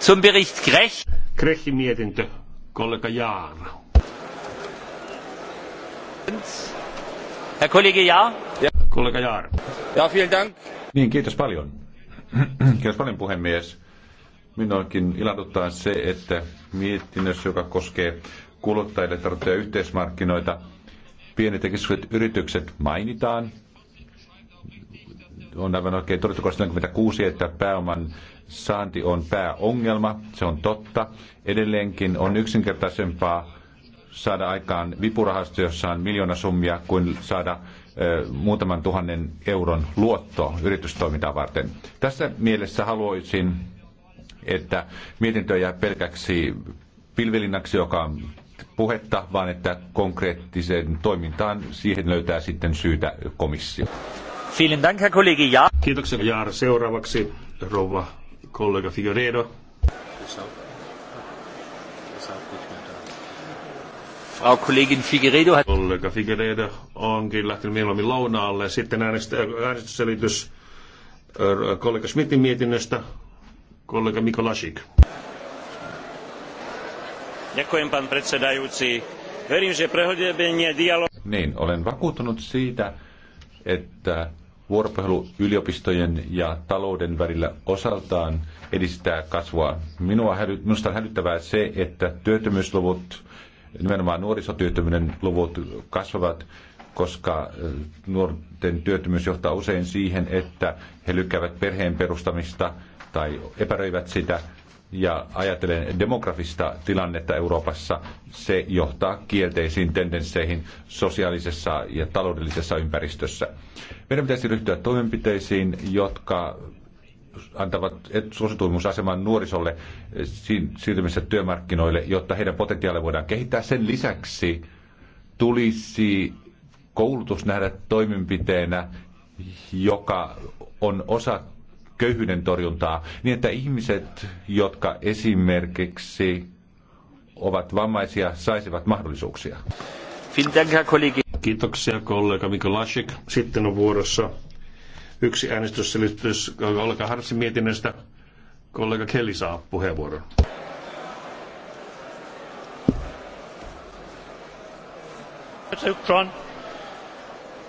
Zum Bericht Grech. Grechin mietintö. Kollega Jaar. Herr Kollege Jaar. Ja. Kollega Jaar. Ja, vielen Dank. Niin, kiitos paljon. kiitos paljon puhemies. Minuakin ilahduttaa se, että mietinnössä, joka koskee kuluttajille tarvittuja yhteismarkkinoita, pienet ja keskisuuret yritykset mainitaan. On aivan oikein todettu 46, että pääoman saanti on pääongelma, se on totta. Edelleenkin on yksinkertaisempaa saada aikaan vipurahasto, jossa on miljoona summia, kuin saada muutaman tuhannen euron luotto yritystoimintaa varten. Tässä mielessä haluaisin, että mietintö jää pelkäksi pilvelinnaksi, joka on puhetta, vaan että konkreettiseen toimintaan siihen löytää sitten syytä komissio. Kiitoksia, Jaar. Seuraavaksi rouva kollega Figueredo. Frau Kollegin Figueredo hat... Kollega Figueredo onkin lähtenyt mieluummin lounaalle. Sitten äänestysselitys äh, kollega Schmidtin mietinnöstä. Kollega Mikolasik. Ďakujem, pán predsedajúci. Verím, že prehodebenie dialogu... Niin, olen vakuuttunut siitä, että Vuoropuhelu yliopistojen ja talouden välillä osaltaan edistää kasvua. Minua häly, minusta on hälyttävää se, että työttömyysluvut, nimenomaan nuorisotyöttömyyden luvut kasvavat, koska eh, nuorten työttömyys johtaa usein siihen, että he lykkäävät perheen perustamista tai epäröivät sitä – ja ajatellen demografista tilannetta Euroopassa, se johtaa kielteisiin tendensseihin sosiaalisessa ja taloudellisessa ympäristössä. Meidän pitäisi ryhtyä toimenpiteisiin, jotka antavat suosituimmuusaseman nuorisolle eh, siirtymisessä työmarkkinoille, jotta heidän potentiaalia voidaan kehittää. Sen lisäksi tulisi koulutus nähdä toimenpiteenä, joka on osa köyhyyden torjuntaa, niin että ihmiset, jotka esimerkiksi ovat vammaisia, saisivat mahdollisuuksia. Kiitoksia kollega Mikko Lashik. Sitten on vuorossa yksi äänestysselitys Olka Harsin mietinnöstä. Kollega Kelly saa puheenvuoron.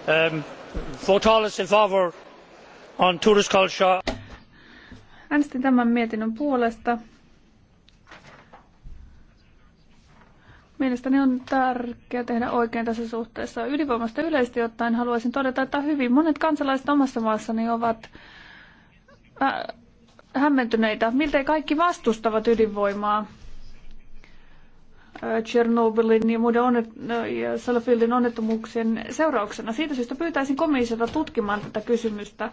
Ähm, Votaales in favor Äänestin tämän mietinnön puolesta. Mielestäni on tärkeää tehdä oikein tässä suhteessa. Ydinvoimasta yleisesti ottaen haluaisin todeta, että hyvin monet kansalaiset omassa maassani ovat äh, hämmentyneitä. Miltei kaikki vastustavat ydinvoimaa. Äh, Chernobylin ja muiden onnet, no, ja Salafieldin onnettomuuksien seurauksena. Siitä syystä pyytäisin komissiota tutkimaan tätä kysymystä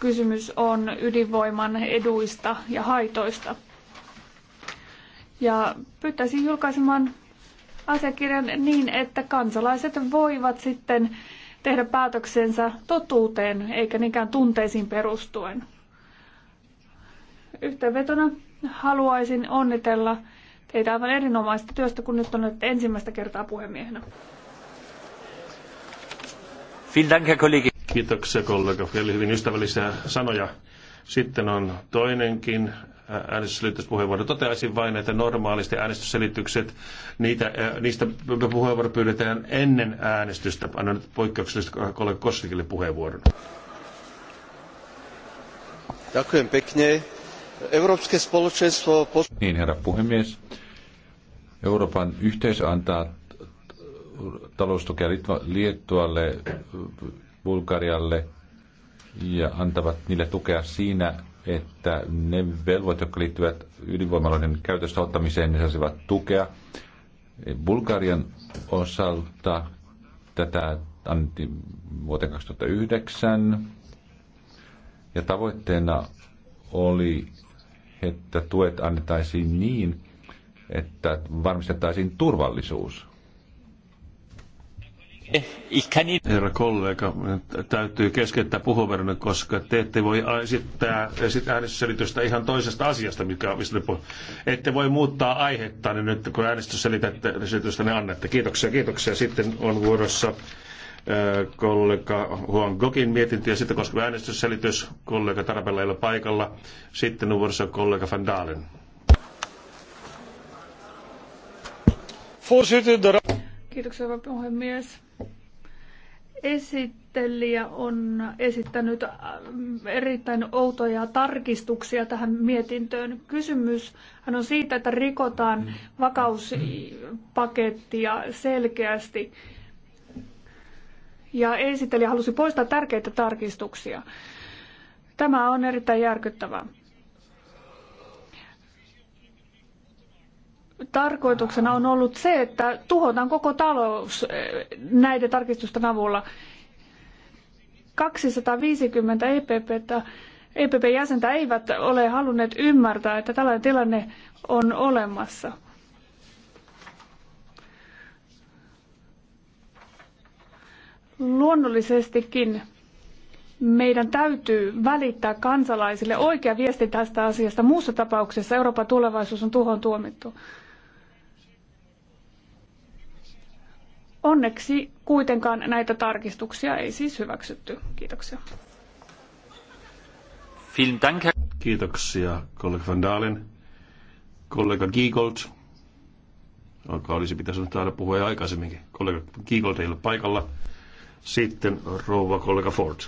kysymys on ydinvoiman eduista ja haitoista. Ja pyytäisin julkaisemaan asiakirjan niin, että kansalaiset voivat sitten tehdä päätöksensä totuuteen eikä niinkään tunteisiin perustuen. Yhteenvetona haluaisin onnitella teitä aivan erinomaista työstä, kun nyt olette ensimmäistä kertaa puhemiehenä. Vielen Dank, Herr Kollege. Kiitoksia kollega. Eli hyvin ystävällisiä sanoja. Sitten on toinenkin äänestysselityspuheenvuoro. Toteaisin vain, että normaalisti äänestysselitykset, niitä, niistä puheenvuoro pyydetään ennen äänestystä. Annan nyt poikkeuksellisesti kollega Kostikille puheenvuoron. pekne. spoločenstvo... Niin, herra puhemies. Euroopan yhteisö antaa taloustukea Liettualle Bulgarialle ja antavat niille tukea siinä, että ne velvoit, jotka liittyvät ydinvoimaloiden käytöstä ottamiseen, ne saisivat tukea. Bulgarian osalta tätä annettiin vuoteen 2009 ja tavoitteena oli, että tuet annettaisiin niin, että varmistettaisiin turvallisuus Herra kollega, täytyy keskeyttää puhuverran, koska te ette voi esittää, esittää äänestysselitystä ihan toisesta asiasta, mikä on puhuu. Ette voi muuttaa aihetta niin nyt, kun äänestysselitystä ne annatte. Kiitoksia, kiitoksia. Sitten on vuorossa kollega Huon Gokin mietintö ja sitten koskeva äänestysselitys. Kollega Tarpella ei ole paikalla. Sitten on vuorossa kollega Van Dalen. Kiitoksia, puhemies esittelijä on esittänyt äh, erittäin outoja tarkistuksia tähän mietintöön. Kysymys hän on siitä, että rikotaan mm. vakauspakettia selkeästi. Ja esittelijä halusi poistaa tärkeitä tarkistuksia. Tämä on erittäin järkyttävää. tarkoituksena on ollut se, että tuhotaan koko talous eh, näiden tarkistusten avulla. 250 EPP, EPP-jäsentä eivät ole halunneet ymmärtää, että tällainen tilanne on olemassa. Luonnollisestikin meidän täytyy välittää kansalaisille oikea viesti tästä asiasta. Muussa tapauksessa Euroopan tulevaisuus on tuhoon tuomittu. Onneksi kuitenkaan näitä tarkistuksia ei siis hyväksytty. Kiitoksia. Kiitoksia kollega Van Dalen. Kollega Giegold, joka olisi pitänyt saada puhua jo aikaisemminkin. Kollega Giegold ei ole paikalla. Sitten rouva kollega Ford.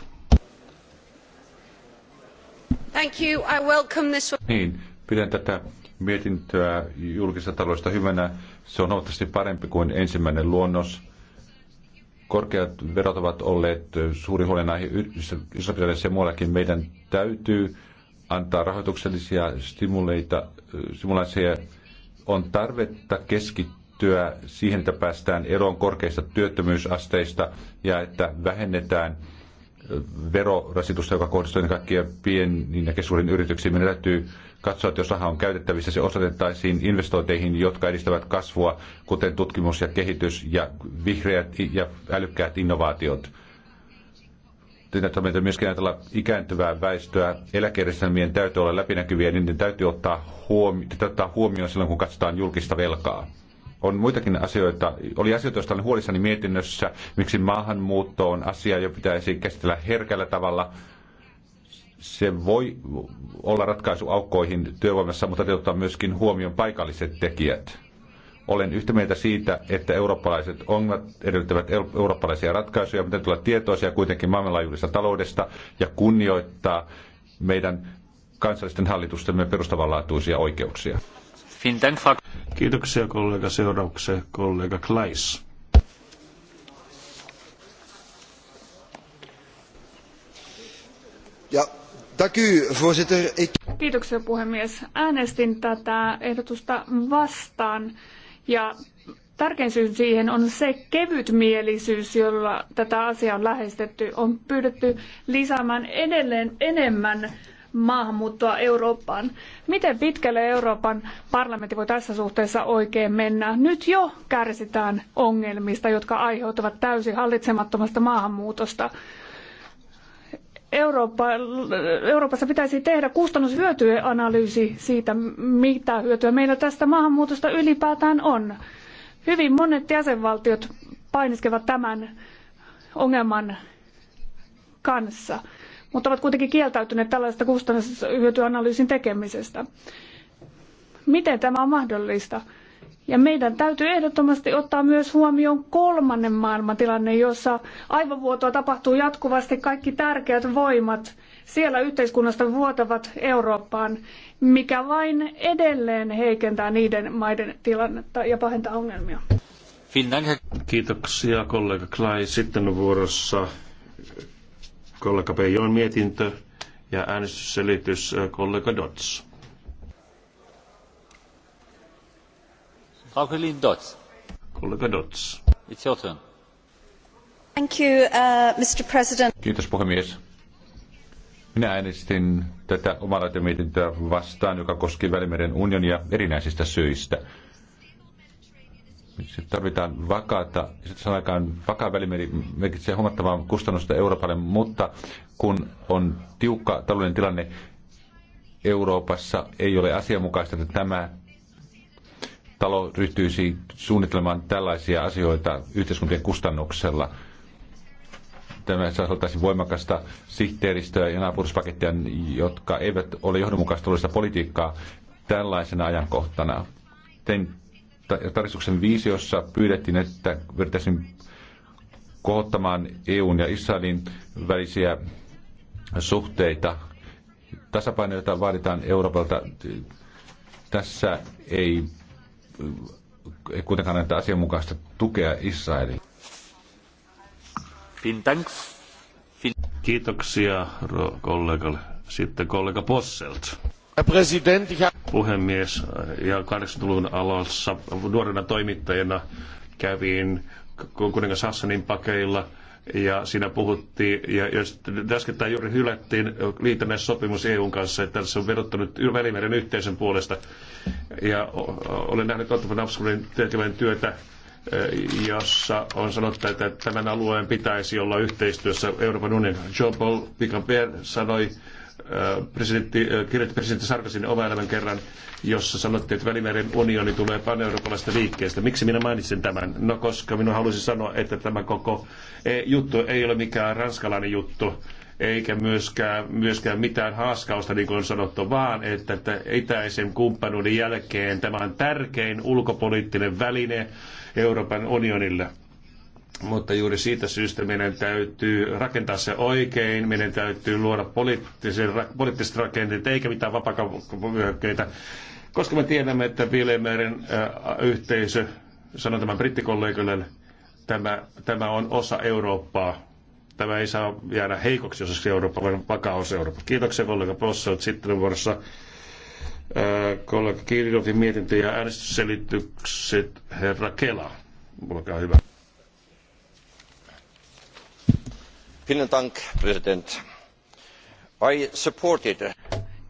Thank you. I welcome this... Niin, pidän tätä mietintöä julkisesta taloudesta hyvänä. Se on huomattavasti parempi kuin ensimmäinen luonnos. Korkeat verot ovat olleet suuri huolenaihe Israelissa ja muuallakin. Meidän täytyy antaa rahoituksellisia stimuleita, stimulaatioja. On tarvetta keskittyä siihen, että päästään eroon korkeista työttömyysasteista ja että vähennetään verorasitusta, joka kohdistuu ennen kaikkea pieniin ja keskuudin yrityksiin. Meidän täytyy katsoa, että jos raha on käytettävissä, se osoitettaisiin investointeihin, jotka edistävät kasvua, kuten tutkimus ja kehitys ja vihreät ja älykkäät innovaatiot. Tätä meitä myöskin ajatella ikääntyvää väestöä. Eläkejärjestelmien täytyy olla läpinäkyviä niin niiden täytyy ottaa, huomi- ottaa huomioon silloin, kun katsotaan julkista velkaa on muitakin asioita, oli asioita, joista olen huolissani mietinnössä, miksi maahanmuutto on asia, jo pitäisi käsitellä herkällä tavalla se voi olla ratkaisu aukkoihin työvoimassa, mutta ottaa myöskin huomioon paikalliset tekijät. Olen yhtä mieltä siitä, että eurooppalaiset ongelmat edellyttävät eurooppalaisia ratkaisuja, mutta tulee tietoisia kuitenkin maailmanlaajuisesta taloudesta ja kunnioittaa meidän kansallisten hallitustemme perustavanlaatuisia oikeuksia. Kiitoksia kollega. seuraukseen, kollega Klais. Ja Kiitoksia puhemies. Äänestin tätä ehdotusta vastaan ja tärkein syy siihen on se kevytmielisyys, jolla tätä asiaa on lähestetty. On pyydetty lisäämään edelleen enemmän maahanmuuttoa Eurooppaan. Miten pitkälle Euroopan parlamentti voi tässä suhteessa oikein mennä? Nyt jo kärsitään ongelmista, jotka aiheutuvat täysin hallitsemattomasta maahanmuutosta. Eurooppa, Euroopassa pitäisi tehdä kustannushyötyanalyysi siitä, mitä hyötyä meillä tästä maahanmuutosta ylipäätään on. Hyvin monet jäsenvaltiot painiskevat tämän ongelman kanssa, mutta ovat kuitenkin kieltäytyneet tällaista kustannushyötyanalyysin tekemisestä. Miten tämä on mahdollista? Ja meidän täytyy ehdottomasti ottaa myös huomioon kolmannen maailman tilanne, jossa aivovuotoa tapahtuu jatkuvasti kaikki tärkeät voimat siellä yhteiskunnasta vuotavat Eurooppaan, mikä vain edelleen heikentää niiden maiden tilannetta ja pahentaa ongelmia. Kiitoksia kollega Klai. Sitten vuorossa kollega Peijon mietintö ja äänestysselitys kollega Dots. Frau Kollega Thank you, uh, Mr. President. Kiitos puhemies. Minä äänestin tätä omaa vastaan, joka koski Välimeren unionia erinäisistä syistä. Sitten tarvitaan vakaata, sitten saadaan aikaan vakaa välimeri merkitsee huomattavaa kustannusta Euroopalle, mutta kun on tiukka talouden tilanne Euroopassa, ei ole asianmukaista, että tämä talo ryhtyisi suunnittelemaan tällaisia asioita yhteiskuntien kustannuksella. Tämä saisi voimakasta sihteeristöä ja naapuruspakettia, jotka eivät ole johdonmukaista politiikkaa tällaisena ajankohtana. Tein tarkistuksen viisi, jossa pyydettiin, että pyrittäisiin kohottamaan EUn ja Israelin välisiä suhteita. Tasapaino, jota vaaditaan Euroopalta, tässä ei ei kuitenkaan näitä asianmukaista tukea Israelin. Kiitoksia kollegalle. Sitten kollega Posselt. Puhemies, ja 80-luvun alussa nuorena toimittajana kävin kuningas Hassanin pakeilla – ja siinä puhuttiin, ja jos äskettäin juuri hylättiin liitännäissopimus EUn kanssa, että se on vedottanut Välimeren yhteisen puolesta. Ja olen nähnyt Otto von Abskurin tekevän työtä e, jossa on sanottu, että tämän alueen pitäisi olla yhteistyössä Euroopan unionin. John Paul Picamper sanoi presidentti, kirjoitti presidentti Sarkosin oma elämän kerran, jossa sanottiin, että Välimeren unioni tulee paneurooppalaisesta liikkeestä. Miksi minä mainitsin tämän? No koska minun halusin sanoa, että tämä koko e, juttu ei ole mikään ranskalainen juttu, eikä myöskään, myöskään mitään haaskausta, niin kuin on sanottu, vaan että, että itäisen kumppanuuden jälkeen tämä on tärkein ulkopoliittinen väline Euroopan unionille – mutta juuri siitä syystä meidän täytyy rakentaa se oikein, meidän täytyy luoda poliittiset rakenteet eikä mitään vapakauppavyöhykkeitä, koska me tiedämme, että Viileämeren äh, yhteisö, sanon tämän brittikollegoille, tämä, tämä on osa Eurooppaa. Tämä ei saa jäädä heikoksi osaksi Eurooppaa, vaan vakaa osa Eurooppaa. Kiitoksia kollega olet Sitten vuorossa äh, kollega Kirjoitin mietintö ja äänestysselitykset herra Kela. Olkaa hyvä. arvoisa puhemies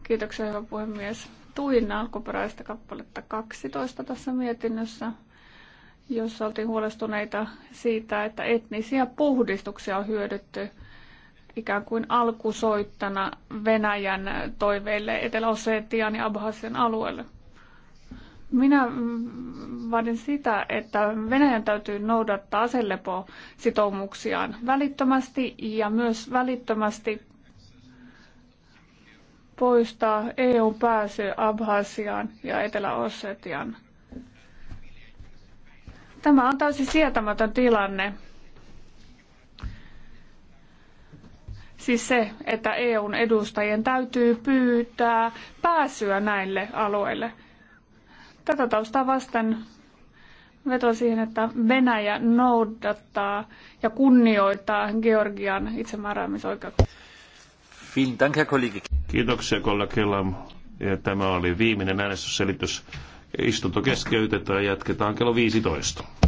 Kiitoksia hyvä puhemies. Tuin alkuperäistä kappaletta 12 tässä mietinnössä, jossa oltiin huolestuneita siitä, että etnisiä puhdistuksia on hyödytty ikään kuin alkusoittana Venäjän toiveille Etelä-Osetian ja Abhasian alueelle. Minä vaadin sitä, että Venäjän täytyy noudattaa aselepositoumuksiaan välittömästi ja myös välittömästi poistaa EU-pääsy Abhasiaan ja Etelä-Ossetian. Tämä on täysin sietämätön tilanne. Siis se, että EUn edustajien täytyy pyytää pääsyä näille alueille – Tätä taustaa vasten vetoa siihen, että Venäjä noudattaa ja kunnioittaa Georgian itsemääräämisoikeutta. Kiitoksia kollegilla. Tämä oli viimeinen äänestysselitys. Istunto keskeytetään ja jatketaan kello 15.